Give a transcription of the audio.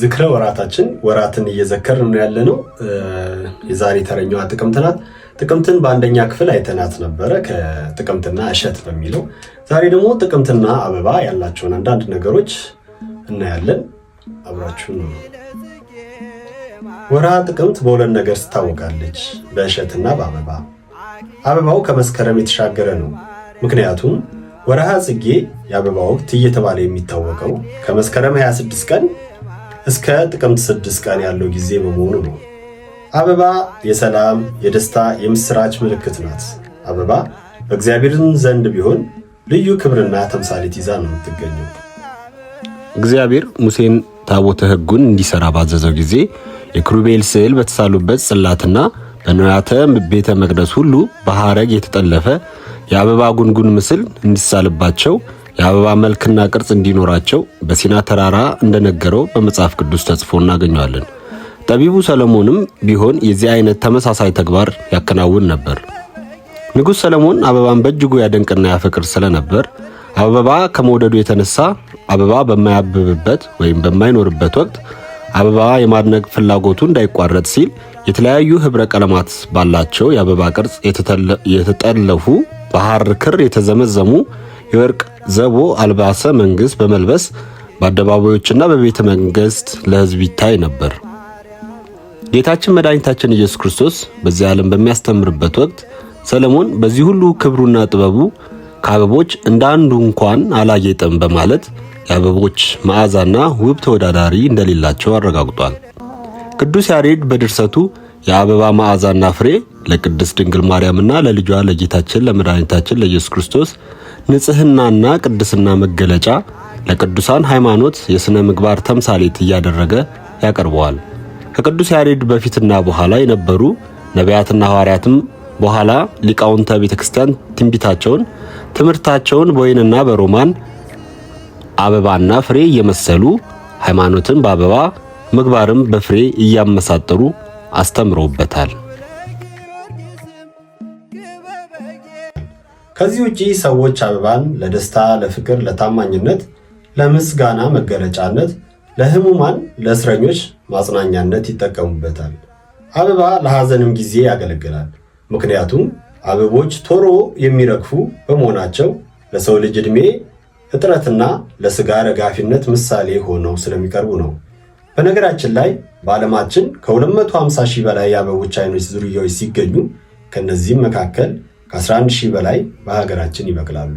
ዝክረ ወራታችን ወራትን እየዘከርን ነው ያለነው። የዛሬ ተረኛዋ ጥቅምት ናት። ጥቅምትን በአንደኛ ክፍል አይተናት ነበረ ከጥቅምትና እሸት በሚለው። ዛሬ ደግሞ ጥቅምትና አበባ ያላቸውን አንዳንድ ነገሮች እናያለን። አብራችሁን ወርሃ ጥቅምት በሁለት ነገር ትታወቃለች፣ በእሸትና በአበባ። አበባው ከመስከረም የተሻገረ ነው። ምክንያቱም ወረሃ ጽጌ የአበባ ወቅት እየተባለ የሚታወቀው ከመስከረም 26 ቀን እስከ ጥቅምት 6 ቀን ያለው ጊዜ በመሆኑ ነው። አበባ የሰላም የደስታ፣ የምስራች ምልክት ናት። አበባ በእግዚአብሔርን ዘንድ ቢሆን ልዩ ክብርና ተምሳሌት ይዛ ነው የምትገኘው። እግዚአብሔር ሙሴን ታቦተ ሕጉን እንዲሰራ ባዘዘው ጊዜ የክሩቤል ስዕል በተሳሉበት ጽላትና በንዋያተ ቤተ መቅደስ ሁሉ በሐረግ የተጠለፈ የአበባ ጉንጉን ምስል እንዲሳልባቸው የአበባ መልክና ቅርጽ እንዲኖራቸው በሲና ተራራ እንደነገረው በመጽሐፍ ቅዱስ ተጽፎ እናገኘዋለን። ጠቢቡ ሰለሞንም ቢሆን የዚህ አይነት ተመሳሳይ ተግባር ያከናውን ነበር። ንጉሥ ሰለሞን አበባን በእጅጉ ያደንቅና ያፈቅር ስለነበር አበባ ከመውደዱ የተነሳ አበባ በማያብብበት ወይም በማይኖርበት ወቅት አበባ የማድነቅ ፍላጎቱ እንዳይቋረጥ ሲል የተለያዩ ኅብረ ቀለማት ባላቸው የአበባ ቅርጽ የተጠለፉ በሐር ክር የተዘመዘሙ የወርቅ ዘቦ አልባሰ መንግስት በመልበስ በአደባባዮችና በቤተ መንግስት ለሕዝብ ይታይ ነበር። ጌታችን መድኃኒታችን ኢየሱስ ክርስቶስ በዚህ ዓለም በሚያስተምርበት ወቅት ሰለሞን በዚህ ሁሉ ክብሩና ጥበቡ ከአበቦች እንደ አንዱ እንኳን አላጌጠም በማለት የአበቦች መዓዛና ውብ ተወዳዳሪ እንደሌላቸው አረጋግጧል። ቅዱስ ያሬድ በድርሰቱ የአበባ መዓዛና ፍሬ ለቅድስት ድንግል ማርያምና ለልጇ ለጌታችን ለመድኃኒታችን ለኢየሱስ ክርስቶስ ንጽህናና ቅድስና መገለጫ ለቅዱሳን ሃይማኖት የሥነ ምግባር ተምሳሌት እያደረገ ያቀርበዋል። ከቅዱስ ያሬድ በፊትና በኋላ የነበሩ ነቢያትና ሐዋርያትም በኋላ ሊቃውንተ ቤተ ክርስቲያን ትንቢታቸውን፣ ትምህርታቸውን በወይንና በሮማን አበባና ፍሬ እየመሰሉ ሃይማኖትን በአበባ ምግባርም በፍሬ እያመሳጠሩ አስተምረውበታል። ከዚህ ውጪ ሰዎች አበባን ለደስታ፣ ለፍቅር፣ ለታማኝነት፣ ለምስጋና መገለጫነት፣ ለህሙማን፣ ለእስረኞች ማጽናኛነት ይጠቀሙበታል። አበባ ለሐዘንም ጊዜ ያገለግላል። ምክንያቱም አበቦች ቶሎ የሚረግፉ በመሆናቸው ለሰው ልጅ ዕድሜ እጥረትና ለስጋ ረጋፊነት ምሳሌ ሆነው ስለሚቀርቡ ነው። በነገራችን ላይ በዓለማችን ከ250 ሺህ በላይ የአበቦች አይኖች ዝርያዎች ሲገኙ ከእነዚህም መካከል ከ11 ሺህ በላይ በሀገራችን ይበቅላሉ።